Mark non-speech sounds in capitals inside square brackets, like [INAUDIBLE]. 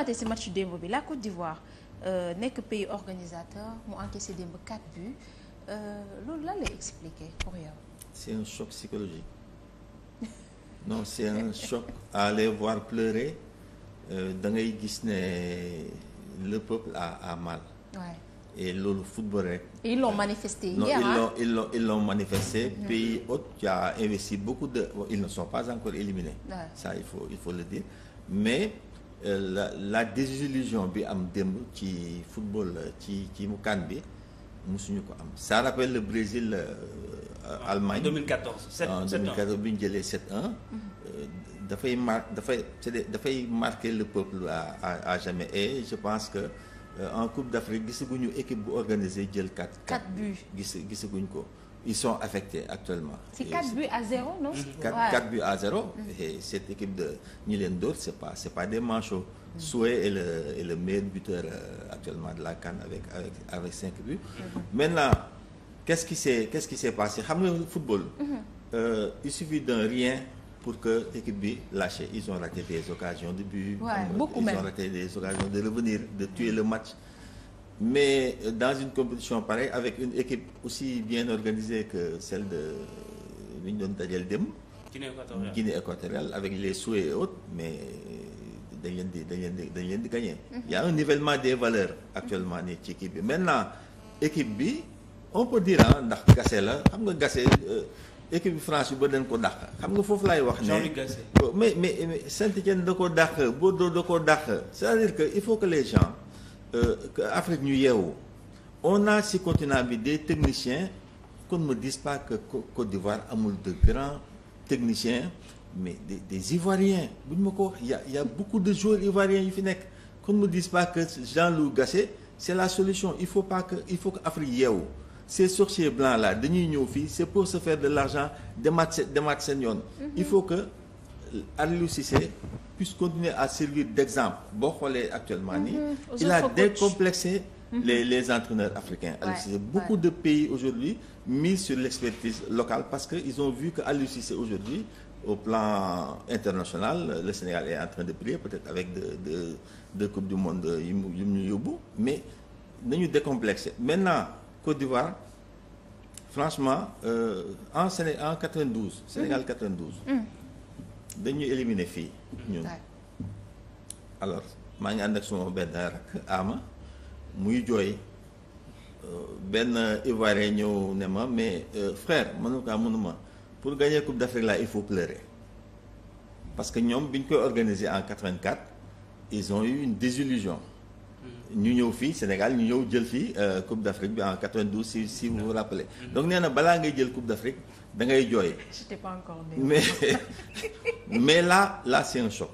xalaatee si match démb bi la Côte d'Ivoire euh, nekk pays organisateur mu encaissé démb 4 buts euh, loolu lan lay expliquer pour yow. c'est un choc psychologique non c'est un choc à les voir pleurer euh, da ngay gis ne le peuple a mal. et loolu football rek. ils l'ont manifesté non, hier ils l'ont ils mm. pays hôte qui a investi beaucoup de ils ne sont pas encore éliminés. Ouais. il faut le dire Euh, la la désillusion bi am démb ci football euh, ci ci mu kan bi musuñu ko am ça rappelle le Brésil euh, Allemagne 2014 7 en 2014 bi ñu jëlee 7-1 mhm. dafay mar dafay c'est dafay marquer le peuple à à à jamais et je pense que en Coupe d'Afrique gisaguñu équipe bu organisée jël 4 4 buts gis gisaguñ ko ils sont affectés actuellement. C'est 4 buts à 0, non à 0. Et cette équipe de Milen Dor, ce n'est pas, pas des manchots. Mm. Soué est le, meilleur buteur euh, actuellement de la Cannes avec, cinq avec buts. Mm -hmm. Maintenant, qu'est-ce qui s'est qu passé le football, mm -hmm. euh, il suffit d'un rien pour que l'équipe B lâche. Ils ont raté des occasions de but. Ouais, ils même. ont raté des occasions de revenir, de tuer le match. mais euh, dans une compétition pareille avec une équipe aussi bien organisée que celle de euh, li ñu doon dajal dem. Guinée équatoriale Guinée équatoriale avec les souhaits et autres mais euh, dañ leen di dañ leen di dañ leen di gagné. Mhm. un nivellement des valeurs actuellement nii ci équipe bi maintenant équipe bi on peut dire ah ndax gase la xam nga gase équipe bi France bi ba dañ ko dàq xam nga foofu laay wax. ne mais mais Saint-Étienne da ko dàq Bordeaux da koo dàq. c'est-à-dire que il faut que les gens. Euh, Afrique ñu yeewu on a si continent bi des techniciens kon ne me dise pas que Côte d'Ivoire amul de grands techniciens mais des, des Ivoiriens bu ñu ma ko wax y a y beaucoup de joueurs ivoiriens yu fi nekk qu'on ne me dise pas que Jean-Louis Gasset c'est la solution il faut pas que il faut que Afrique yeewu ces sorciers blancs la dañuy ñëw fii c'est pour se faire de l'argent demaat seen demaat seen yoon mm-hmm. il faut que Aliou puisse continuer à servir d'exemple boo xoolee actuellement nii mhm. il a décomplexé mhm. les les entraîneurs africains Aliou Cissé beaucoup de pays aujourd'hui mis sur l'expertise locale parce que ils ont vu que Aliou Cissé aujourd'hui au plan international le Sénégal est de prier peut-être de de de coupe du yu mu yu mu yóbbu mais nañu décomplexé maintenant Côte d'Ivoire franchement euh, en Séné en 92 Sénégal 92 mhm. mm. dañuy éliminer fii ñun alors maa ngi ànd ak suma benn rak ama muy jooy euh, benn Ivoirien ñëw ne ma mais euh, frère mënu kaa mënuma pour gagner coupe d'Afrique là il faut pleurer parce que ñoom bi ñu koy organiser en 84 ils ont eu une désillusion ñu ñëw fii Sénégal ñu ñëw jël fii euh, Coupe d'Afrique bi en 92 si si vous vous mm-hmm. donc nee na balaa ngay jël Coupe d'Afrique da ngay jooy. j'étais pas encore née. mais [LAUGHS] mais là là c'est un choc